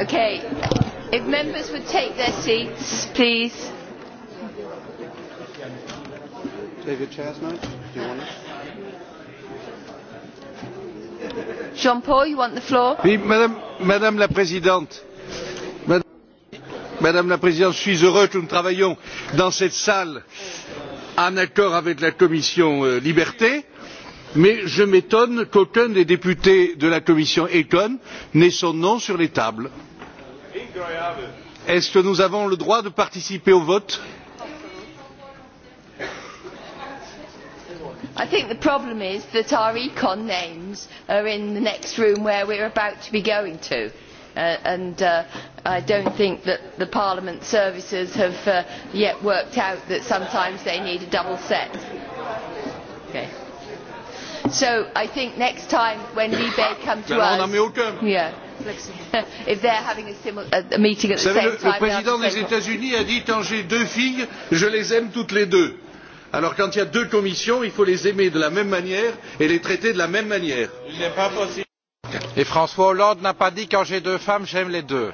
Okay, if members would take their seats, please. David Chasnoy, do you want it? Jean-Paul, you want the floor? Oui, Madame, Madame la Présidente. Madame, Madame la Présidente, je suis heureux que nous travaillions dans cette salle en accord avec la Commission euh, Liberté mais je m'étonne qu'aucun des députés de la commission econ n'ait son nom sur les tables. Est-ce que nous avons le droit de participer au vote I think the problem is that our econ names are in the next room where we're about to be going to. Uh, and uh, I don't think that the Parliament services have uh, yet worked out that sometimes they need a double set. Okay. So I think next time when Libé come to us... Yeah savez, le, Le président des États-Unis a dit quand j'ai deux filles, je les aime toutes les deux. Alors quand il y a deux commissions, il faut les aimer de la même manière et les traiter de la même manière. Il n'est pas possible. Et François Hollande n'a pas dit quand j'ai deux femmes, j'aime les deux.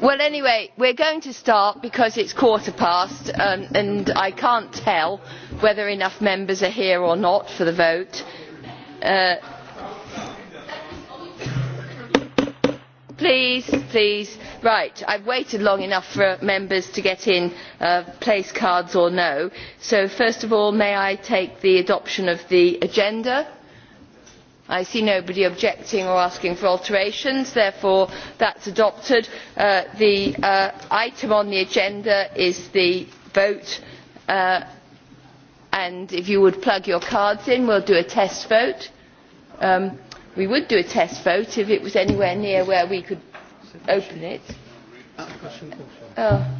Well, anyway, we are going to start because it is quarter past um, and I cannot tell whether enough members are here or not for the vote. Uh, please, please. Right, have waited long enough for members to get in, uh, place cards or no. So first of all, may I take the adoption of the agenda? I see nobody objecting or asking for alterations. Therefore, that is adopted. Uh, the uh, item on the agenda is the vote. Uh, and if you would plug your cards in, we'll do a test vote. Um, we would do a test vote if it was anywhere near where we could open it. Oh.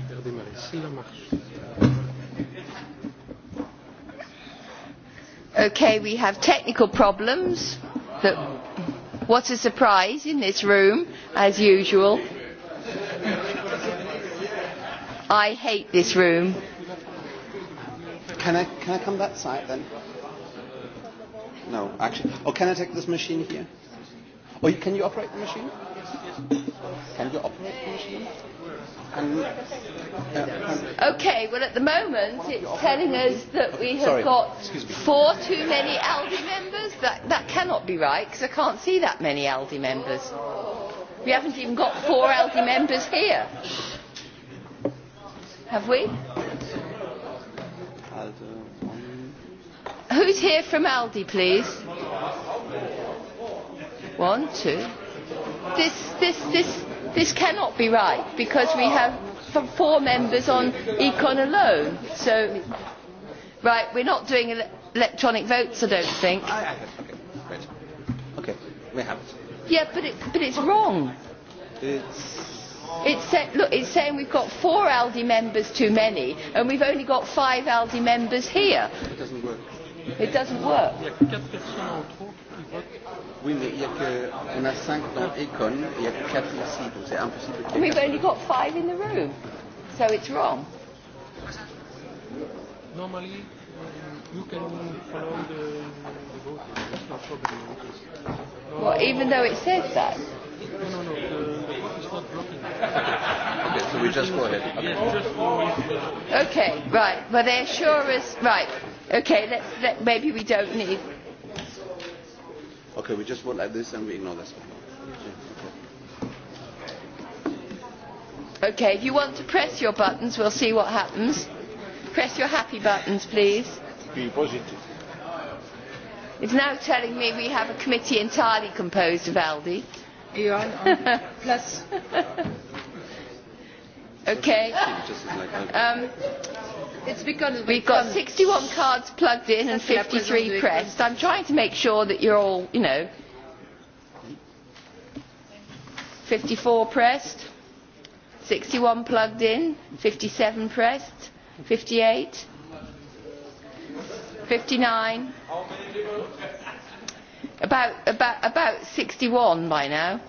Okay, we have technical problems. But what a surprise in this room, as usual. I hate this room. Can I, can I come that side then? No, actually. Oh, can I take this machine here? Oh, can you operate the machine? Yes, yes. Can you operate Muslim? Can, uh, okay, well at the moment it's telling us that we have Sorry, got four too many ALDI members. That, that cannot be right because I can't see that many ALDI members. We haven't even got four ALDI members here. Have we? Who's here from Aldi, please? One, two this, this, this, this cannot be right because we have four members on econ alone. So, right, we're not doing ele electronic votes, I don't think. I, I have, okay, Okay, we have it. Yeah, but, it, but it's wrong. It's... It's say, look, it's saying we've got four ALDI members too many, and we've only got five ALDI members here. It doesn't work. It doesn't work. Oui, mais il y a que, on a cinq dans Econ, il y a que quatre ici, donc c'est impossible. We've only got five in the room, so it's wrong. Normally, um, you can follow the, the voting. That's no problem. No, well, even though it says that. No, no, no. The, the vote is not blocking. Okay. so we just go ahead. Okay. Yes, just go okay, right. Well, they're sure as right. Okay, let's let, maybe we don't need. Okay, we just vote like this and we ignore this Okay. okay, if you want to press your buttons, we'll see what happens. Press your happy buttons, please. Be positive. It's now telling me we have a committee entirely composed of Aldi. You are plus. okay. Um, It's because We've got 61 cards plugged in and 53 pressed. I'm trying to make sure that you're all, you know, 54 pressed, 61 plugged in, 57 pressed, 58, 59, about, about, about 61 by now.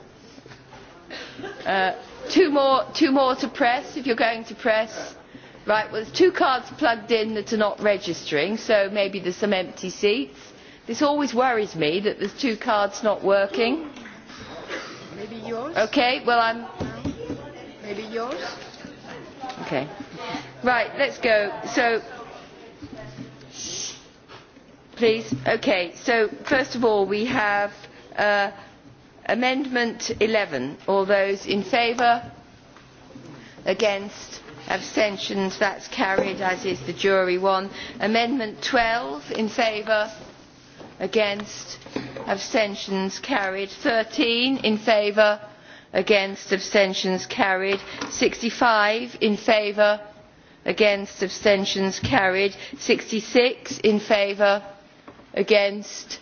Uh, two, more, two more to press if you're going to press. Right, well, there's two cards plugged in that are not registering, so maybe there's some empty seats. This always worries me that there's two cards not working. Maybe yours? Okay, well, I'm... Maybe yours? Okay. Right, let's go. So, please. Okay, so first of all, we have uh, Amendment 11. All those in favour? Against? abstentions that's carried as is the jury one amendment twelve in favour against abstentions carried thirteen in favour against abstentions carried sixty five in favour against abstentions carried sixty six in favour against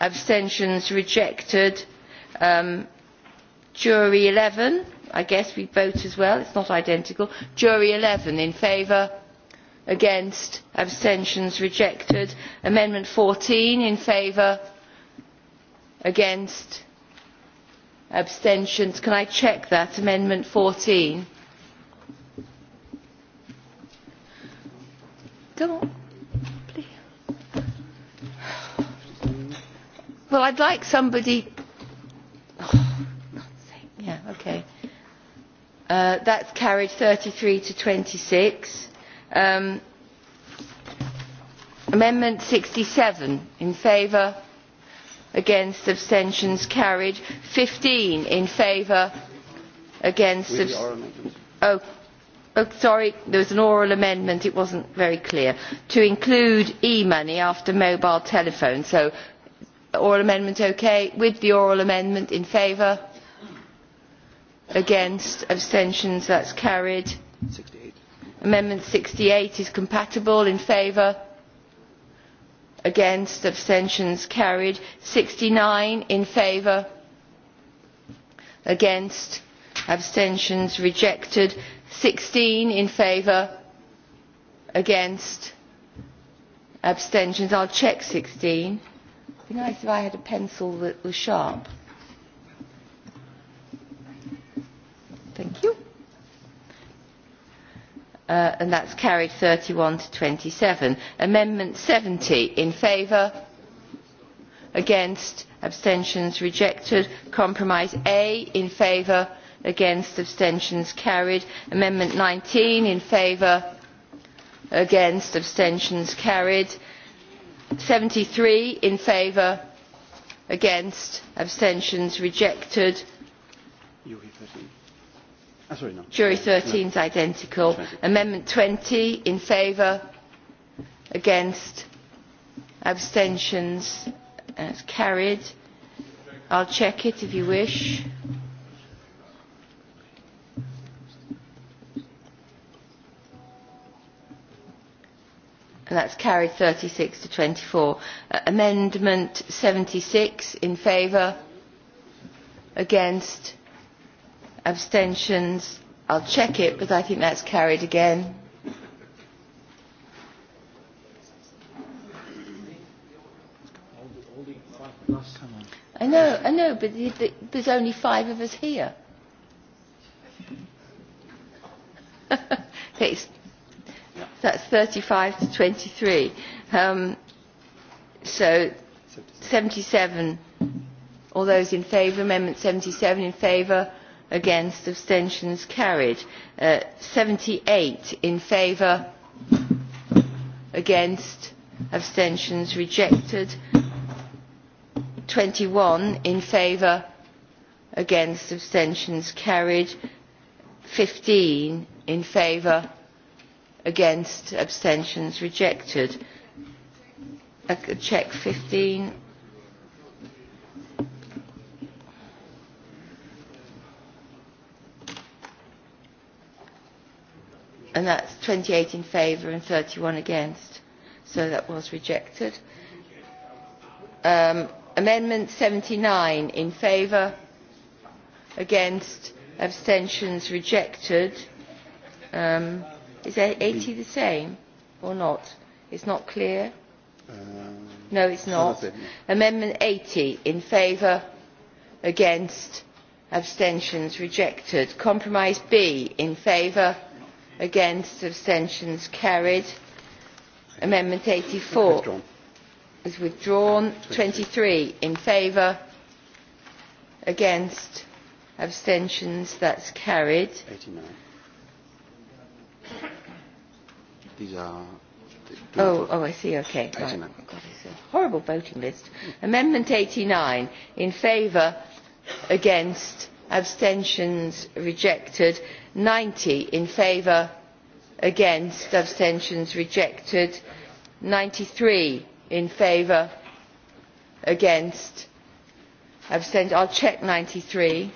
abstentions rejected um, jury eleven I guess we vote as well. It's not identical. Jury 11 in favour. Against. Abstentions rejected. Amendment 14 in favour. Against. Abstentions. Can I check that? Amendment 14. Come on. Well, I'd like somebody. Oh, yeah, okay. Uh, that's carried 33 to 26. Um, amendment 67 in favour, against abstentions carried. 15 in favour, against. Oh, oh, sorry, there was an oral amendment, it wasn't very clear. To include e-money after mobile telephone. So, oral amendment okay, with the oral amendment in favour against abstentions that's carried 68. amendment 68 is compatible in favour against abstentions carried 69 in favour against abstentions rejected 16 in favour against abstentions I'll check 16 it'd be nice if I had a pencil that was sharp Thank you. Uh, and that's carried 31 to 27. Amendment 70 in favour, against, abstentions rejected. Compromise A in favour, against, abstentions carried. Amendment 19 in favour, against, abstentions carried. 73 in favour, against, abstentions rejected. Ah, Jury 13 is no. identical. 20. Amendment 20 in favour, against, abstentions, and carried. I'll check it if you wish. And that's carried 36 to 24. Uh, amendment 76 in favour, against, abstentions abstentions I'll check it but I think that's carried again I know I know but the, the, there's only five of us here okay, so That's 35 to 23. Um, so 77, all those in favour, Amendment 77 in favour, against abstentions carried uh, 78 in favour against abstentions rejected 21 in favour against abstentions carried 15 in favour against abstentions rejected a check 15 and that's 28 in favour and 31 against. So that was rejected. Um, amendment 79 in favour, against, abstentions rejected. Um, is 80 the same or not? It's not clear. Um, no, it's not. It. Amendment 80 in favour, against, abstentions rejected. Compromise B in favour against abstentions carried amendment 84 withdrawn. is withdrawn 23 in favour against abstentions that's carried 89 these are Oh, oh, I see, okay. Right. Oh, God, it's a horrible voting list. Amendment 89, in favour, against, abstentions, rejected ninety in favour against abstentions rejected ninety three in favour against abstentions i'll check ninety three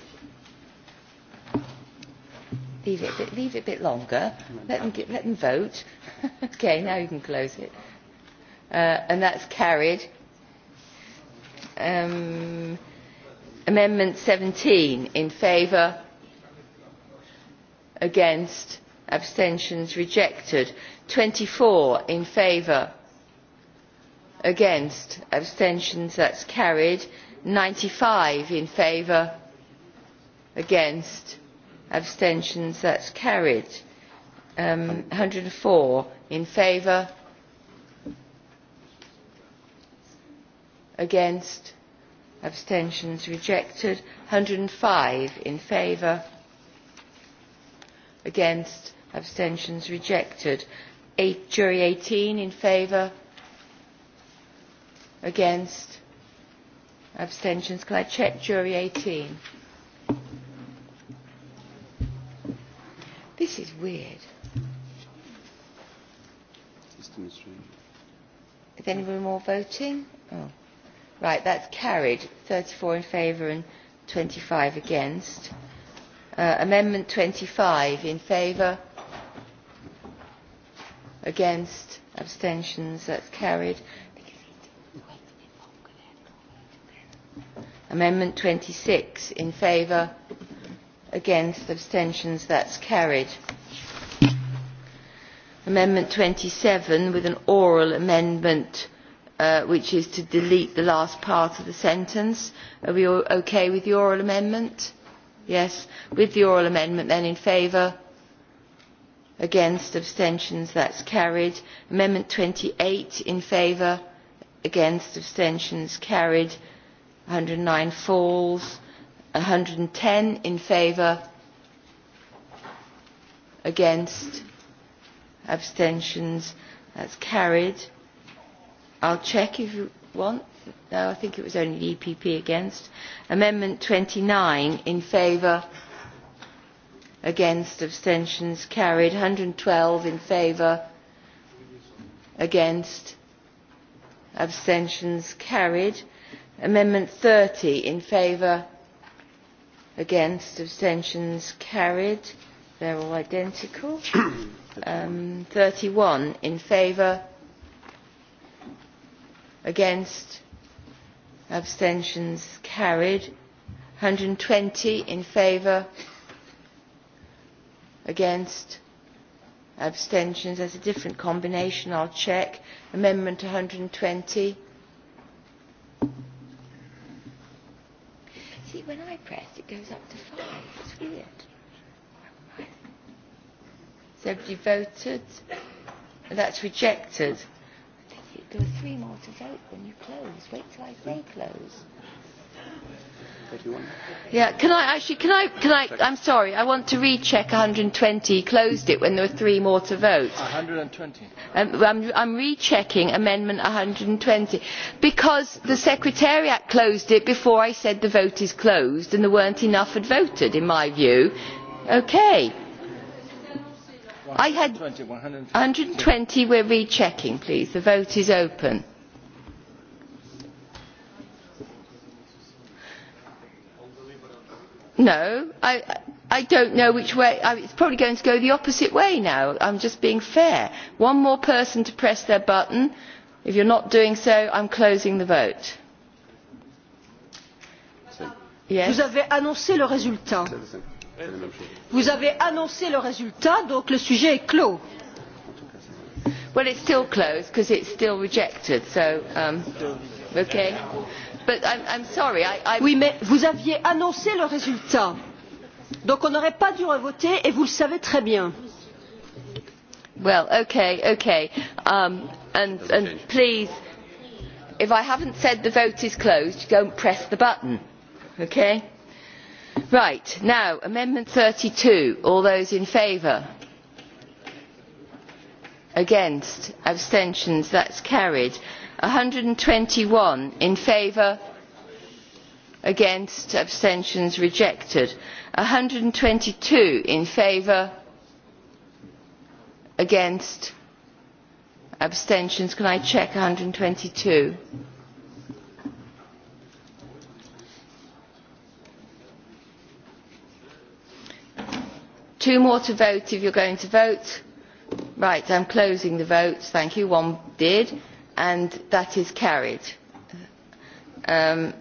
leave it a bit, leave it a bit longer let them, get, let them vote okay now you can close it uh, and that's carried um, amendment 17 in favour against abstentions rejected twenty four in favour against abstentions that is carried ninety five in favour against abstentions that is carried um, one hundred and four in favour against abstentions rejected one hundred and five in favour against abstentions rejected Eight, jury 18 in favor against abstentions can I check jury 18 this is weird is anybody more voting oh. right that's carried 34 in favour and 25 against Uh, amendment 25 in favour, against, abstentions, that's carried. Amendment 26 in favour, against, abstentions, that's carried. Amendment 27 with an oral amendment uh, which is to delete the last part of the sentence. Are we all okay with the oral amendment? Yes. With the oral amendment then in favour? Against abstentions that's carried. Amendment 28 in favour? Against abstentions carried. 109 falls. 110 in favour? Against abstentions that's carried. I'll check if you one, no, I think it was only the EPP against. Amendment 29 in favour, against, abstentions carried. 112 in favour, against, abstentions carried. Amendment 30 in favour, against, abstentions carried. They're all identical. um, 31 in favour, against abstentions carried 120 in favour against abstentions as a different combination I'll check amendment 120 see when I press it goes up to five it's weird so everybody voted that's rejected There are three more to vote when you close. Wait till I say close. Yeah, can I actually, can I, can I, I'm sorry, I want to recheck 120, closed it when there were three more to vote. 120. Um, I'm, I'm rechecking Amendment 120 because the Secretariat closed it before I said the vote is closed and there weren't enough had voted, in my view. Okay. I had 120 we're rechecking please. The vote is open. No, I, I don't know which way. I, it's probably going to go the opposite way now. I'm just being fair. One more person to press their button. If you're not doing so, I'm closing the vote. Yes. Vous avez annoncé le résultat. Vous avez annoncé le résultat, donc le sujet est clos. Well, it's still closed because it's still rejected, so, um, okay. But I'm, I'm sorry, I, I... Oui, mais vous aviez annoncé le résultat. Donc on n'aurait pas dû revoter et vous le savez très bien. Well, okay, okay. Um, and, and please, if I haven't said the vote is closed, don't press the button, hmm. okay? Right, now, Amendment All those in favour? Against? Abstentions? That's carried. One hundred and twenty one in favour? Against? Abstentions? Rejected. hundred and twenty two in favour? Against? Abstentions? Can I check one hundred and twenty two? two more to vote if you're going to vote. Right, I'm closing the votes. Thank you. One did, and that is carried. Um,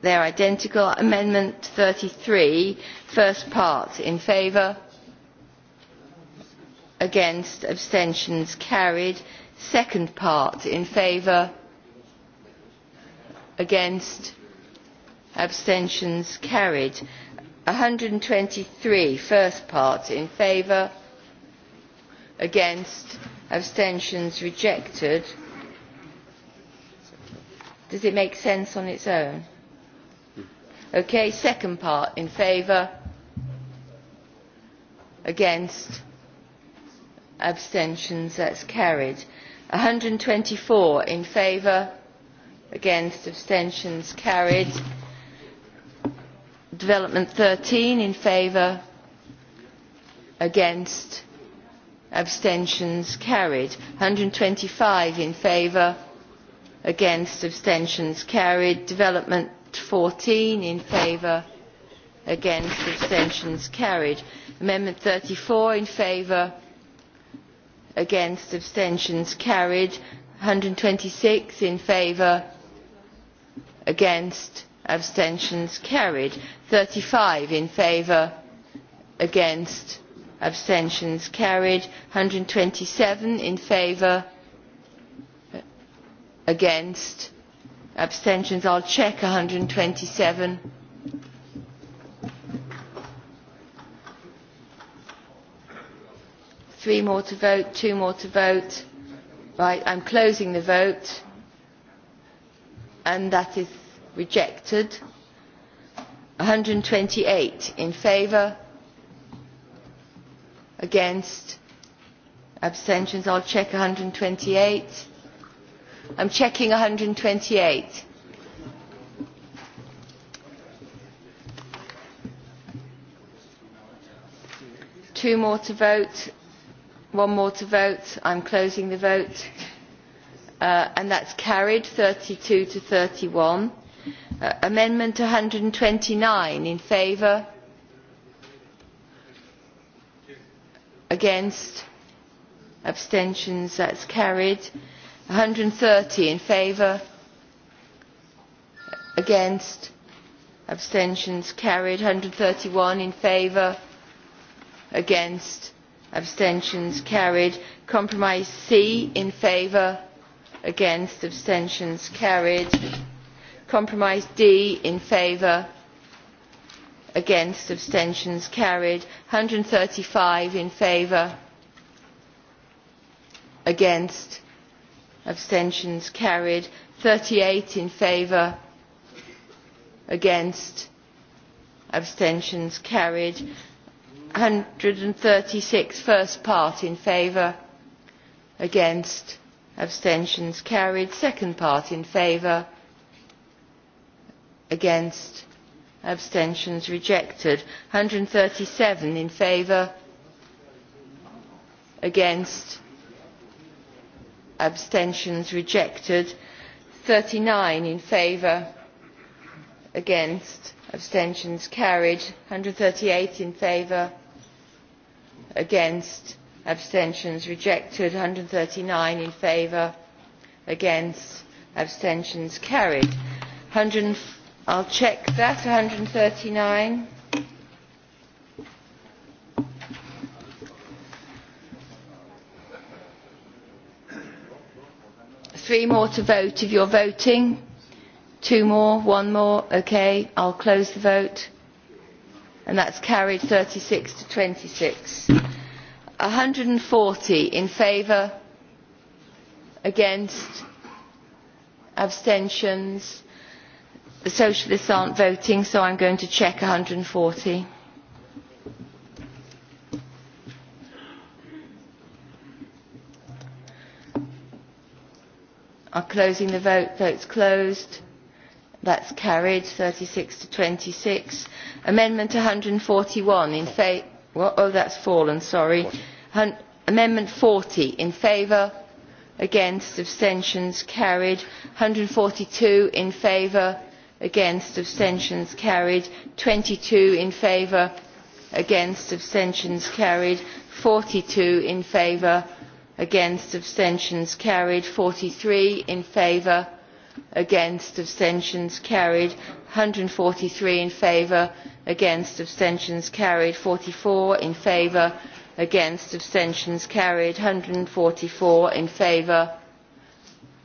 they're identical. Amendment 33, first part, in favour, against, abstentions carried. Second part, in favour, against, abstentions carried. 123 first part in favour against abstentions rejected does it make sense on its own okay second part in favour against abstentions that's carried 124 in favour against abstentions carried Development 13 in favour, against, abstentions carried. 125 in favour, against, abstentions carried. Development 14 in favour, against, abstentions carried. Amendment 34 in favour, against, abstentions carried. 126 in favour, against, abstentions carried thirty five in favour against abstentions carried one hundred and twenty seven in favour against abstentions i'll check one hundred and twenty seven three more to vote two more to vote right i'm closing the vote and that is rejected 128 in favour against abstentions I'll check 128 I'm checking 128 two more to vote one more to vote I'm closing the vote uh, and that's carried 32 to 31 Uh, amendment one hundred and twenty nine in favour against abstentions that is carried one hundred and thirty in favour against abstentions carried one hundred and thirty one in favour against abstentions carried compromise c in favour against abstentions carried Compromise D in favour, against, abstentions carried. Hundred and thirty five in favour, against, abstentions carried. Thirty-eight in favour, against, abstentions carried. One hundred and thirty six first part in favour, against, abstentions carried. Second part in favour, against abstentions rejected 137 in favour against abstentions rejected 39 in favour against abstentions carried 138 in favour against abstentions rejected 139 in favour against abstentions carried I'll check that, 139. Three more to vote if you're voting. Two more, one more, okay. I'll close the vote. And that's carried 36 to 26. 140 in favour, against, abstentions The socialists aren't voting, so I'm going to check 140. I'm closing the vote. Vote's closed. That's carried, 36 to 26. Amendment 141 in favour. Well, oh, that's fallen, sorry. Hun Amendment 40 in favour. Against abstentions carried. 142 in favour against abstentions carried twenty two in favour against abstentions carried forty two in favour against abstentions carried forty three in favour against abstentions carried one hundred and forty three in favour against abstentions carried forty four in favour against abstentions carried one hundred and forty four in favour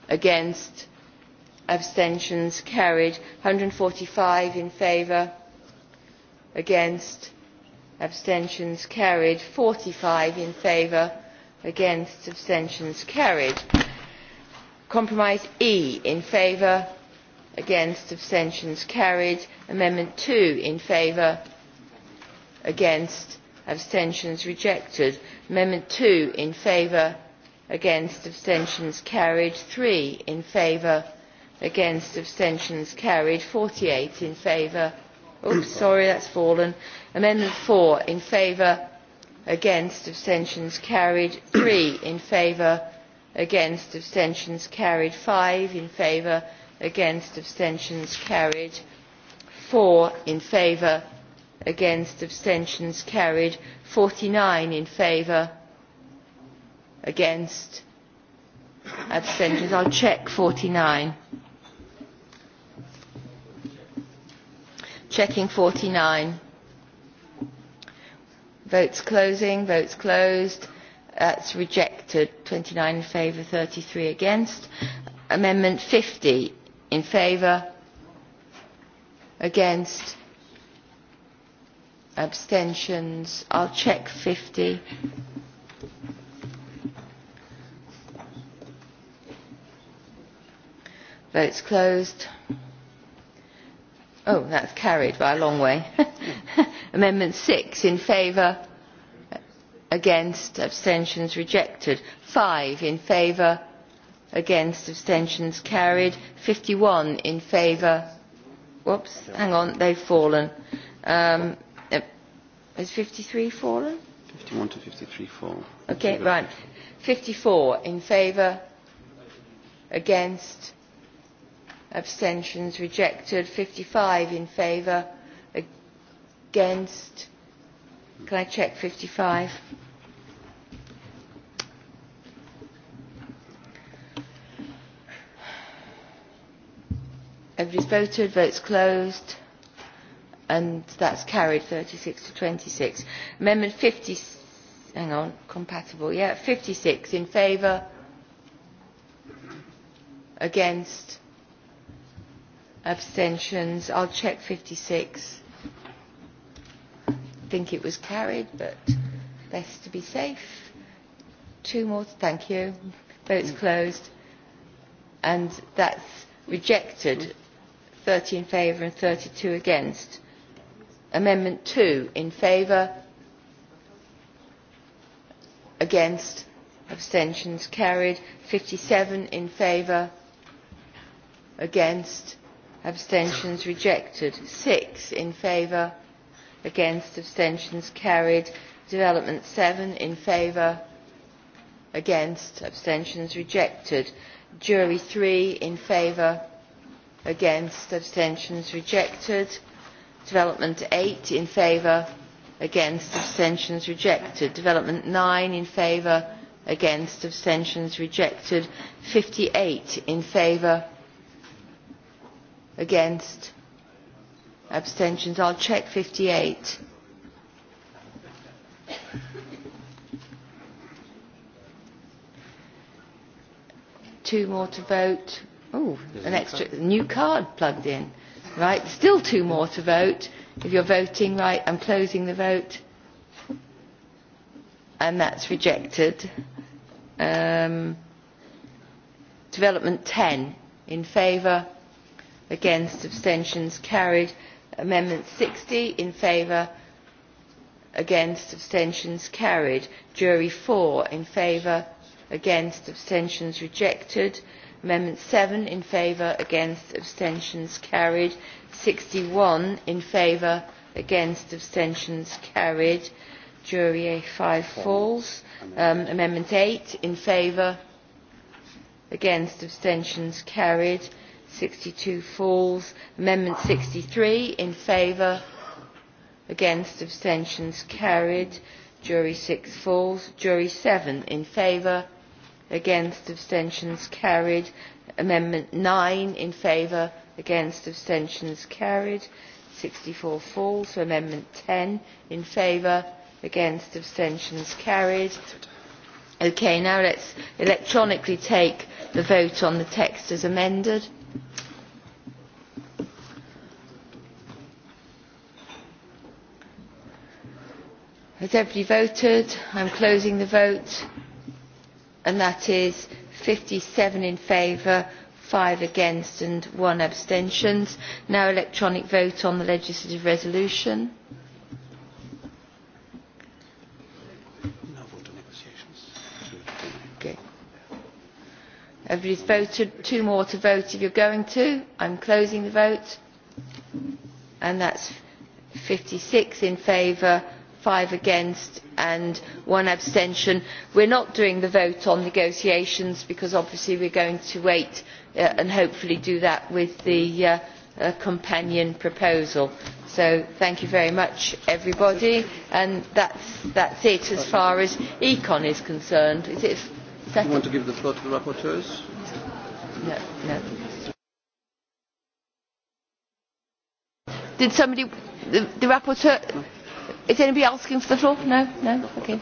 against abstentions carried one hundred and forty five in favour against abstentions carried forty five in favour against abstentions carried compromise e in favour against abstentions carried amendment two in favour against abstentions rejected amendment two in favour against abstentions carried three in favour against abstentions carried forty eight in favour oops sorry that's fallen amendment four in favour against abstentions carried three in favour against abstentions carried five in favour against abstentions carried four in favour against abstentions carried forty nine in favour against abstentions i'll check forty nine Checking 49. Votes closing, votes closed. That's rejected. 29 in favour, 33 against. Amendment 50 in favour, against, abstentions. I'll check 50. Votes closed. Oh, that's carried by a long way. Amendment 6 in favour, against, abstentions rejected. 5 in favour, against, abstentions carried. 51 in favour, whoops, hang on, they've fallen. Um, uh, has 53 fallen? 51 to 53 fall. Okay, right. 54 in favour, against, abstentions rejected 55 in favour against can I check 55 everybody's voted votes closed and that's carried 36 to 26 amendment 50 hang on compatible yeah 56 in favour against abstentions. I'll check 56. I think it was carried, but best to be safe. Two more, thank you. Votes closed. And that's rejected. 30 in favour and 32 against. Amendment 2 in favour, against, abstentions carried. 57 in favour, against, abstentions rejected. Six in favour, against abstentions carried. Development seven in favour, against abstentions rejected. Jury three in favour, against abstentions rejected. Development eight in favour, against abstentions rejected. Development nine in favour, against abstentions rejected. Fifty eight in favour, Against? Abstentions. I'll check 58. Two more to vote. Oh, an extra new card plugged in. Right, still two more to vote. If you're voting, right, I'm closing the vote. And that's rejected. Um, development 10 in favour against abstentions carried amendment 60 in favour against abstentions carried jury 4 in favour against abstentions rejected amendment 7 in favour against abstentions carried 61 in favour against abstentions carried jury A5 falls um, amendment 8 in favour against abstentions carried 62 falls. Amendment 63 in favour. Against abstentions carried. Jury 6 falls. Jury 7 in favour. Against abstentions carried. Amendment 9 in favour. Against abstentions carried. 64 falls. So amendment 10 in favour. Against abstentions carried. Okay, now let's electronically take the vote on the text as amended. Has everybody voted? I'm closing the vote. And that is 57 in favour, 5 against and 1 abstentions. Now electronic vote on the legislative resolution. Everybody's voted. Two more to vote if you're going to. I'm closing the vote. And that's 56 in favour, five against and one abstention. We're not doing the vote on negotiations because obviously we're going to wait uh, and hopefully do that with the uh, uh, companion proposal. So thank you very much everybody and that's, that's it as far as Econ is concerned. Is it Second. You want to give the floor to the rapporteurs? No, no. Did somebody, the, the rapporteur, is anybody asking for the floor? No, no, okay.